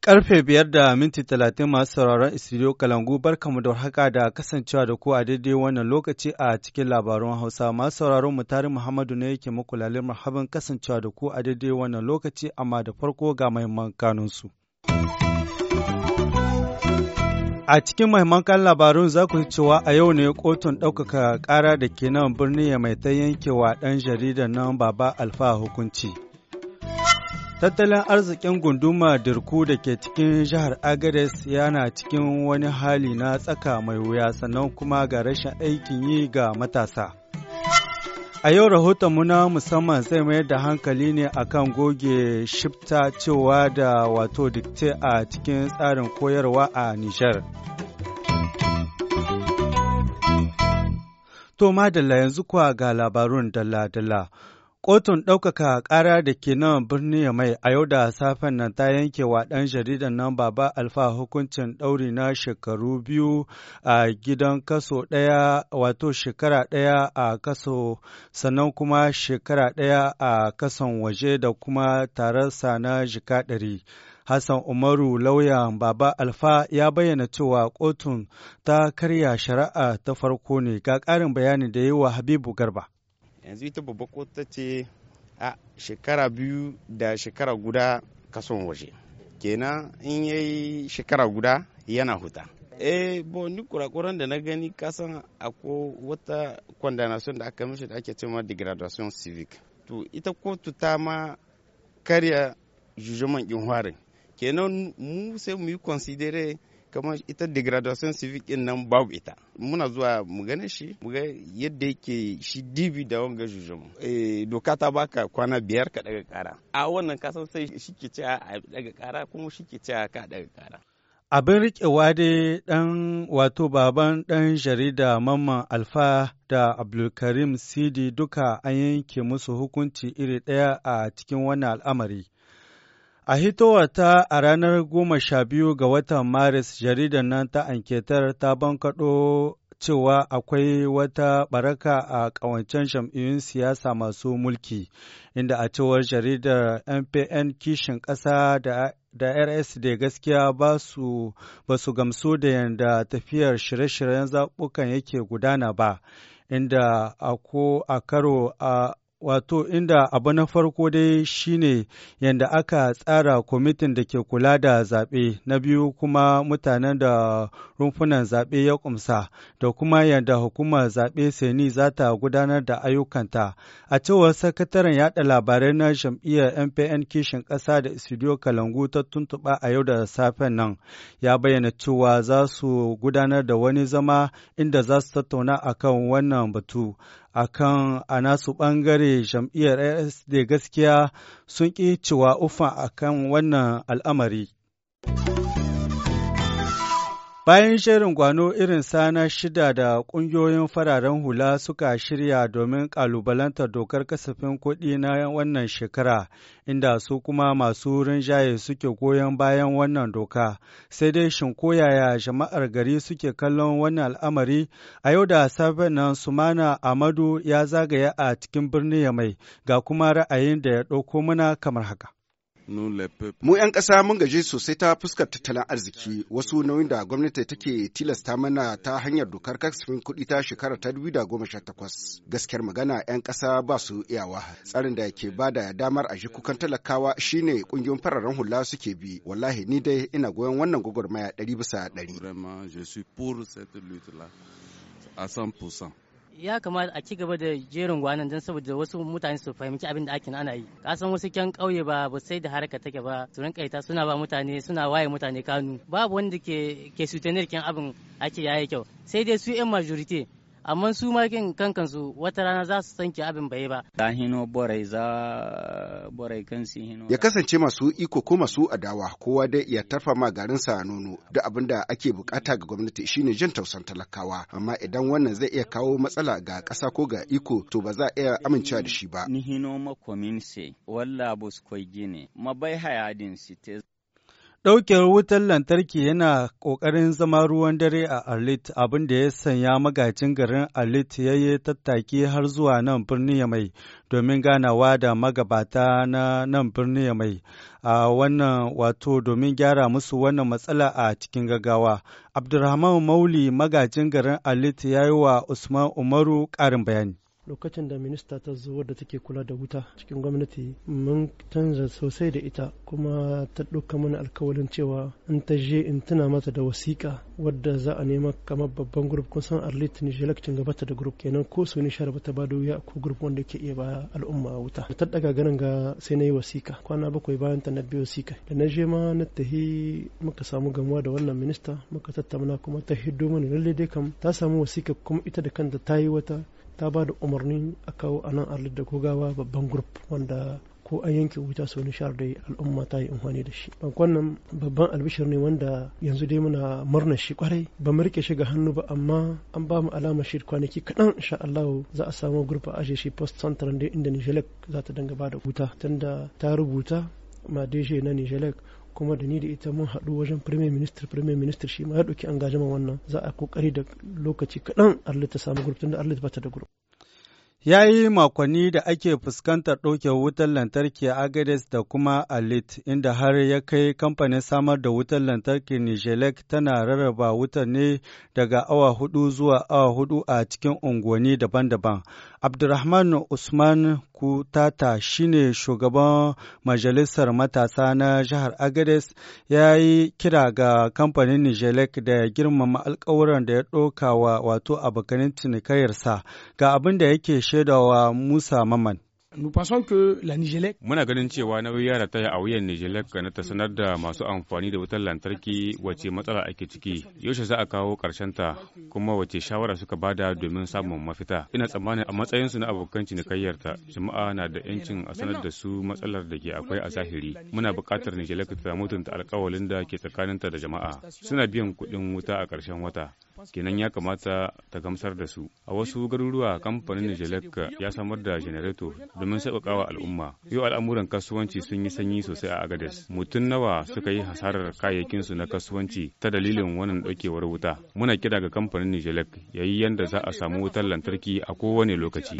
Karfe biyar da minti talatin masu sauraron studio Kalangu barkamu da warhaka da kasancewa da ku a daidai wannan lokaci a cikin labarun Hausa masu sauraron mu Muhammadu ne yake muku lalle marhaban kasancewa da ku a daidai wannan lokaci amma da farko ga mahimman kanunsu. A cikin mahimman kan labarun za ku cewa a yau ne kotun ɗaukaka ƙara da ke nan birnin ya mai ta yankewa ɗan jaridar nan baba alfa hukunci. Tattalin arzikin gunduma dirku da ke cikin jihar Agades yana cikin wani hali na tsaka mai wuya sannan kuma ga rashin aikin yi ga matasa. A yau rahoton na musamman zai mayar da hankali ne akan goge shifta cewa da wato dikte a cikin tsarin koyarwa a Nijar. To madalla yanzu kuwa ga labarun dala-dala. Kotun ɗaukaka ƙara da ke nan birnin mai a yau da safen nan ta yanke wa ɗan jaridan nan Baba Alfa hukuncin ɗauri na shekaru biyu a gidan kaso ɗaya wato shekara ɗaya a kaso sannan kuma shekara ɗaya a kasan waje da kuma tararsa na jika ɗari. Hassan Umaru lauyan Baba Alfa ya bayyana cewa kotun ta karya shari'a ta farko ne ga ƙarin bayani da yi wa Habibu Garba. yanzu ita babba kota ce a shekara biyu da shekara guda kason waje kenan in yayi shekara guda yana huta eh bo ni kurakuran da na gani kasan ako wata condemnation da aka mishi da ake cewa degradation civic to ita kotu ta ma karya jujuman kin harin kenan mu sai mu yi kamar ita degradation civic din nan babu ita muna zuwa mu gane shi mu ga yadda yake shi dibi da wanga mu eh doka ta baka kwana biyar ka daga kara a wannan kasan sai shi ke cewa a daga kara kuma shi ke cewa ka daga kara Abin riƙewa wade dan wato baban dan jarida Mamman Alfa da Abdulkarim Sidi duka an yanke musu hukunci iri ɗaya a cikin wannan al'amari. A hitowa ta a ranar goma sha biyu ga watan Maris jaridar nan ta anketar ta bankaɗo cewa akwai wata baraka a ƙawancen jam'iyyun siyasa masu mulki, inda a cewar jaridar MPN kishin ƙasa da da rs da gaskiya ba su gamsu da yadda tafiyar shirye-shiryen zaɓukan yake gudana ba inda a a karo a wato inda abu na farko dai shine yadda aka tsara kwamitin da ke kula da zaɓe na biyu kuma mutanen da rumfunan zaɓe ya kumsa da kuma yadda hukumar zaɓe seni za ta gudanar da ayyukanta a cewar sakataren yada labarai na jam'iyyar mpn kishin ƙasa da studio kalangu ta tuntuɓa a yau da safen nan ya bayyana cewa za su gudanar da wani zama inda za su tattauna akan wannan batu a kan a nasu ɓangare jam'iyyar da gaskiya sun ƙi cewa ufa a kan wannan al'amari. Bayan shirin gwano irin sana shida da ƙungiyoyin fararen hula suka shirya domin ƙalubalantar dokar kasafin kuɗi na wannan shekara, inda su kuma masu rinjaye suke goyon bayan wannan doka, sai dai shin koyaya jama'ar gari suke kallon wannan al'amari a yau da safen nan Sumana Amadu ya zagaya a cikin birnin mai, ga kuma ra'ayin da ya ɗauko mana kamar haka. Mu 'yan ƙasa mun gaje sosai ta fuskar tattalin arziki wasu nauyin da gwamnati take tilasta mana ta hanyar dokar kasafin kuɗi ta shekara ta takwas. Gaskiyar magana 'yan ƙasa ba su iyawa. Tsarin da ke ba da damar a ji kukan talakawa shine ƙungiyoyin fararen hula suke bi. Wallahi ni dai ina goyon wannan gwagwarmaya ɗari bisa ɗari. ya kamata a ci gaba da jerin gwanan don saboda wasu mutane su fahimci abin da ake ana yi kasan wasu kyan kauye ba ba sai da harka take ba su rinka suna ba mutane suna waye mutane kanu babu wanda ke ke sutenar kyan abin ake yayi kyau sai dai su yan majority amma su ma kin kankan su wata rana za su san ki abin bai ba da hino borai za borai kan si hino ya kasance masu iko ko masu adawa kowa dai ya tafama ma garin sa nono da abin da ake bukata ga gwamnati shine jin tausan talakawa amma idan wannan zai iya kawo matsala ga ƙasa ko ga iko to ba za a iya amincewa da shi ba ni hino ma se walla bus koy gine mabai hayadin site Ɗaukewar wutar lantarki yana ƙoƙarin zama ruwan dare a Arlit, abin da ya sanya magajin garin Arlit ya yi tattaki har zuwa nan birni ya mai, domin ganawa da magabata na nan birni ya mai, A wannan wato domin gyara musu wannan matsala a cikin gaggawa. Abdulrahman Mauli magajin garin Arlit ya yi wa Usman Umaru ƙarin bayani. lokacin da minista ta zo wadda take kula da wuta cikin gwamnati mun canza sosai da ita kuma ta ɗauka mana alkawalin cewa in ta je in tuna mata da wasiƙa wadda za a nema kamar babban grup kun san arlit ni gaba gabata da grup kenan ko su ni shara bata bada wuya ko grup wanda ke iya ba al'umma wuta ta ɗaga ganin ga sai na yi wasiƙa kwana bakwai bayan ta na biyo wasiƙa da na je ma na tahi muka samu gamuwa da wannan minista muka tattauna kuma ta hiddo mana lallai dai kam ta samu wasiƙa kuma ita da kanta ta yi wata ta ba da umarnin a kawo a nan arlit da gogawa babban grup wanda ko an yanke wuta sau nishar da al'umma ta yi amfani da shi ban wannan babban albishir ne wanda yanzu dai muna murna shi kwarai ba mu rike shi ga hannu ba amma an ba mu alamar shi kwanaki kaɗan insha Allah za a samu a ajiye shi post center da inda Nijelek za ta danga ba da wuta tunda ta rubuta ma na Nijelek kuma da ni da ita mun haɗu wajen premier minister premier minister shi ma ya ɗauki an wannan za a kokari da lokaci kaɗan arlita ta samu gurup tunda da bata da gurup ya yi makonni da ake fuskantar ɗauke wutar lantarki a agades da kuma alit inda har ya kai kamfanin samar da wutar lantarki nijelek tana rarraba wutar ne daga awa hudu zuwa awa hudu a cikin unguwanni daban-daban abdurrahman usman kutata shine shugaban majalisar matasa na jihar agades ya yi kira ga kamfanin nijelek da ya girmama alkawuran da ya ɗauka wa wato abokanin cinikayarsa ga abin da yake shaidawa Musa Maman. Muna ganin cewa nauyi ya rataya a wuyan Nijelek na ta sanar da masu amfani da wutar lantarki wace matsala ake ciki, yaushe za a kawo ta kuma wace shawara suka bada domin samun mafita. Ina tsammanin a matsayinsu na abokan cinikayyarta, jama'a na da 'yancin a sanar da su matsalar da ke akwai a zahiri. Muna buƙatar Nijelek ta mutunta alƙawalin da ke tsakaninta da jama'a. Suna biyan kuɗin wuta a ƙarshen wata. kenan ya kamata ta gamsar da su a wasu garuruwa kamfanin nijelek ya samar da janareto domin wa al'umma yau al'amuran kasuwanci sun yi sanyi sosai a agades mutum nawa suka yi hasarar kayayyakinsu na kasuwanci ta dalilin wannan ɗaukewar wuta muna kira ga kamfanin nijelek ya yi yadda za a samu wutar lantarki a kowane lokaci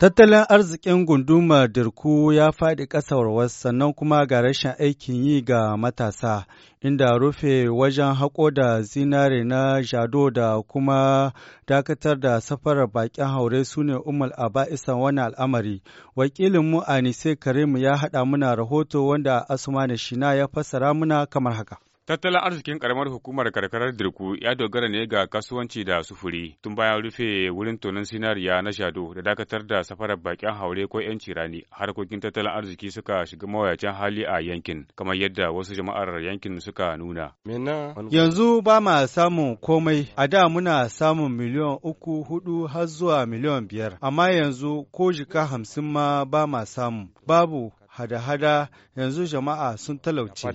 Tattalin arzikin gundumar Dirku ya faɗi ƙasarwar sannan kuma ga rashin aikin yi ga matasa, inda rufe wajen haƙo da zinare na jado da kuma dakatar da safarar baƙin haure su ne umar aba'isan wani al'amari. Wakilinmu Anise Karimu ya haɗa muna rahoto wanda Asumani Shina ya fassara muna kamar haka. Tattalin arzikin karamar hukumar karkarar Dirku ya dogara ne ga kasuwanci da sufuri tun bayan rufe wurin tonin sinariya na Shado da dakatar da safarar bakin haure ko 'yanci rani harkokin tattalin arziki suka shiga mawuyacin hali a yankin kamar yadda wasu jama'ar yankin suka nuna. Yanzu ba ma samun komai a da muna samun miliyon uku hudu har zuwa miliyon biyar amma yanzu ko jika hamsin ma ba ma samu babu hada-hada yanzu jama'a sun talauce.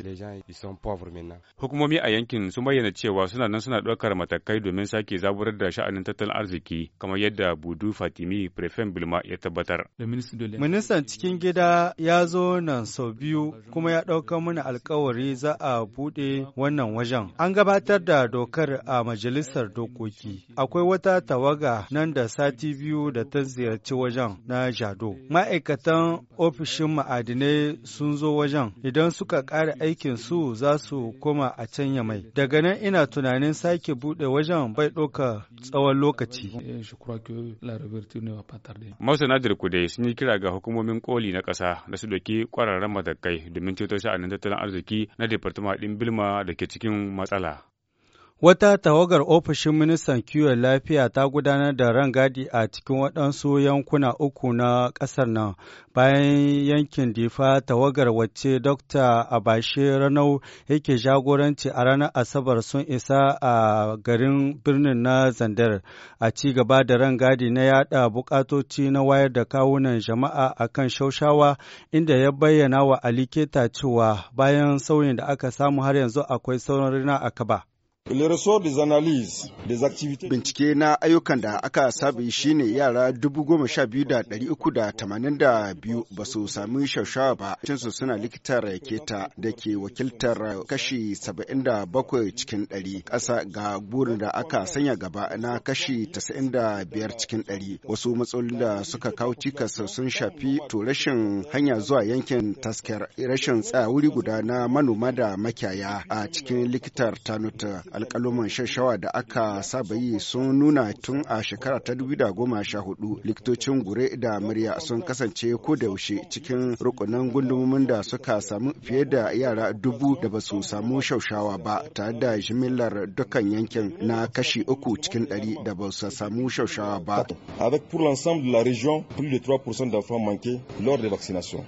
Hukumomi a yankin sun bayyana cewa suna nan suna ɗaukar matakai domin sake zaburar da sha'anin tattalin arziki kamar yadda Budu Fatimi Prefem Bilma ya tabbatar. Ministan cikin gida ya zo nan sau biyu kuma ya ɗauka mana alkawari za a buɗe wannan wajen. An gabatar da dokar a majalisar dokoki. Akwai wata tawaga nan da sati biyu da ta ziyarci wajen na Jado. Ma'aikatan ofishin ma'adin ne sun zo wajen idan suka ƙara aikin su za su koma a can mai daga nan ina tunanin sake buɗe wajen bai ɗauka tsawon lokaci masana dirkudai sun yi kira ga hukumomin koli na ƙasa da su doki kwararren matakai domin ceto sha'anin tattalin arziki na departama ɗin bilma da ke cikin matsala Wata tawagar ofishin ministan kiwon lafiya ta gudanar da rangadi a cikin waɗansu yankuna uku na ƙasar nan bayan yankin difa tawagar wacce Dr. Abashe Ranau yake jagoranci a ranar Asabar sun isa a garin birnin na Zandar a ci gaba da rangadi na yaɗa bukatoci na wayar da kawunan jama'a a kan shaushawa inda ya bayyana wa Ali Keta cewa bayan sauyin da aka samu har yanzu akwai sauran rina a kaba. Bincike na ayyukan da aka sabi ne yara 12,382 ba su sami shaushawa ba, su suna likitar keta da ke wakiltar kashi 77 cikin 100 ƙasa ga burin da aka sanya gaba na kashi 95 cikin 100. Wasu matsalolin da suka kawo cikas sun shafi to rashin hanya zuwa yankin taskar rashin tsaya wuri guda na manoma da makiyaya a cikin likitar tanuta alkaloman shashawa da aka saba yi sun nuna tun a shekara ta hudu likitocin gure da murya sun kasance ko da yaushe cikin rukunan gundumomin da suka samu fiye da yara dubu da ba su samu shaushawa ba tare da jimillar dukkan yankin na kashi uku cikin ɗari da ba su samu shaushawa ba. Avec pour l'ensemble de la région, plus de 3% d'enfants lors de vaccination.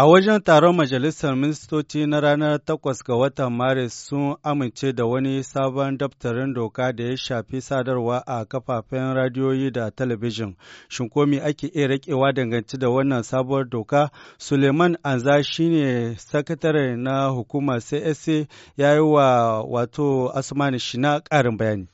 A wajen taron Majalisar Ministoci na ranar 8 ga watan Maris sun amince da wani sabon daftarin doka da ya shafi sadarwa a kafafen radiyoyi da talabijin. Shinkomi ake iya rakewa dangance da wannan sabuwar doka, Suleiman Anza shine sakatare na hukumar CSA ya yi wa wato Asmani Shina ƙarin bayani.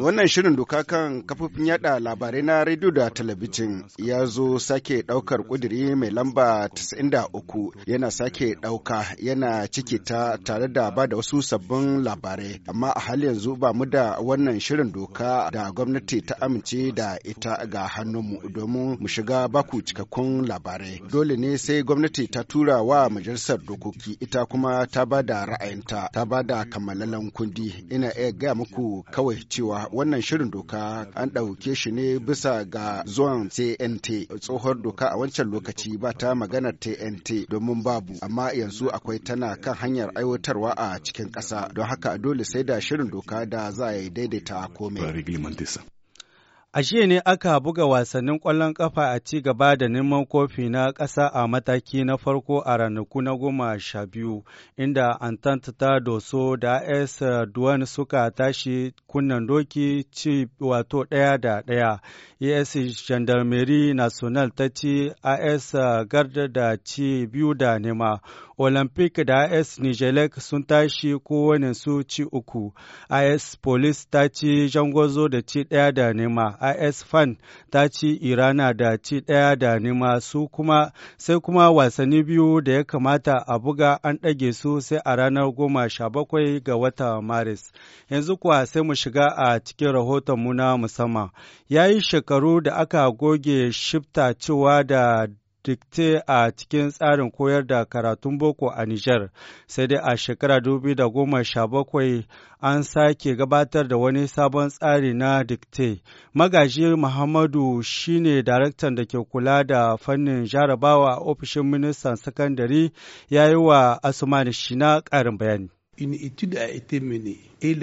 Wannan shirin doka kan kafofin yada labarai na radio da talabijin ya zo sake daukar ƙudiri mai lamba 93 yana sake dauka yana ciki ta tare da ba da wasu sabbin labarai amma a hali yanzu ba mu da wannan shirin doka da gwamnati ta amince da ita ga mu domin mu shiga baku cikakkun labarai dole ne sai gwamnati ta tura wa majalisar dokoki ita kuma ta ba da ra'ayinta ta ba da kammalalan kundi ina iya gaya muku kawai kawai cewa wannan shirin doka an ɗauke shi ne bisa ga zuwan TNT tsohon doka a wancan lokaci ba ta maganar TNT domin babu amma yanzu akwai tana kan hanyar aiwatarwa a cikin ƙasa don haka dole sai da shirin doka da za a yi daidaita komai. A jiya ne aka buga wasannin ƙwallon ƙafa a ci gaba da neman kofi na ƙasa a mataki na farko a ranaku na goma sha biyu, inda Entente ta doso da AS Duwan suka tashi kunnan doki ci wato ɗaya da ɗaya. AS Gendarmerie National ta ci AS Garda da ci biyu da nema. Olympic da AS Nijelek sun tashi kowane su ci uku. AS Police ta ci jangozo da ci ɗaya da nema. is fan ta ci irana da ci ɗaya da nema su kuma sai kuma wasanni biyu da ya kamata a buga an ɗage su sai a ranar goma sha bakwai ga wata maris yanzu kuwa sai mu shiga a cikin rahoton mu na musamman ya yi shekaru da aka goge shifta cewa da dikte a cikin tsarin koyar da karatun boko a Nijar, sai dai a shekara goma sha bakwai an sake gabatar da wani sabon tsari na dikte. Magaji Muhammadu shine daraktan da ke kula da fannin jarabawa a ofishin ministan sakandare ya yi wa Asumani na ƙarin bayani. Une da mene. An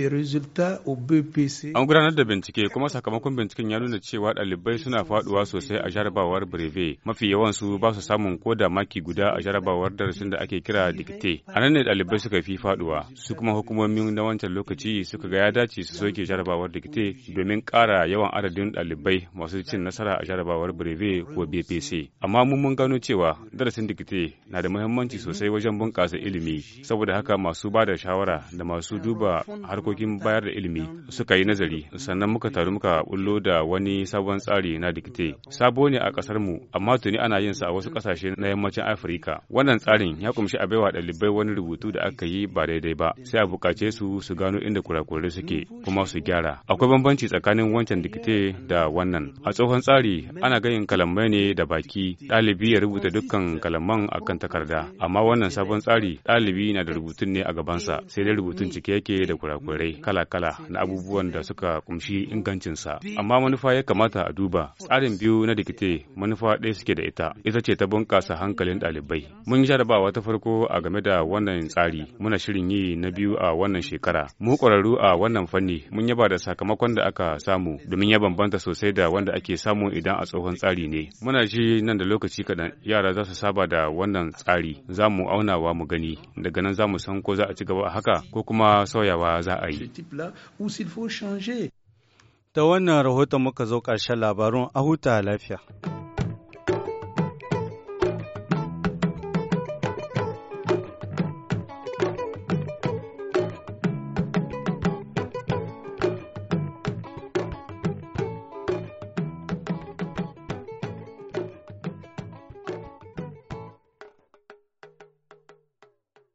gudanar da bincike kuma sakamakon binciken ya nuna cewa ɗalibai suna faduwa sosai a jarabawar breve mafi yawansu ba su samun ko da maki guda a jarabawar darasin da ake kira dikte. A nan ne ɗalibai suka fi faduwa su kuma hukumomin na wancan lokaci suka ga ya dace su soke jarabawar dikte domin ƙara yawan adadin ɗalibai masu cin nasara a jarabawar breve ko BPC. Amma mun mun gano cewa darasin dikte na da muhimmanci sosai wajen bunƙasa ilimi saboda haka masu ba da shawara da masu duba harkokin bayar da ilimi suka yi nazari sannan muka taru muka bullo da wani sabon tsari na dikte sabo ne a kasar mu amma tuni ana yin sa a wasu kasashe na yammacin afirka wannan tsarin ya kumshi a baiwa ɗalibai wani rubutu da aka yi ba daidai ba sai a bukace su su gano inda kurakurai suke kuma su gyara akwai bambanci tsakanin wancan dikte da wannan a tsohon tsari ana ganin kalamai ne da baki ɗalibi ya rubuta dukkan kalaman akan takarda amma wannan sabon tsari ɗalibi na da rubutun ne a gabansa sai dai rubutun cike yake da kurakurai kwarai kala-kala na abubuwan da suka kumshi ingancinsa amma manufa ya kamata a duba tsarin biyu na dikite manufa ɗaya suke da ita ita ce ta bunƙasa hankalin ɗalibai mun jarabawa ta farko a game da wannan tsari muna shirin yi na biyu a wannan shekara mu ƙwararru a wannan fanni mun yaba da sakamakon da aka samu domin ya bambanta sosai da wanda ake samu idan a tsohon tsari ne muna ji nan da lokaci kaɗan yara za su saba da wannan tsari za mu aunawa mu gani daga nan za mu san ko za a ci gaba a haka ko kuma sauyawa za a yi ta wannan rahoton muka zo ƙarshen labarun a huta lafiya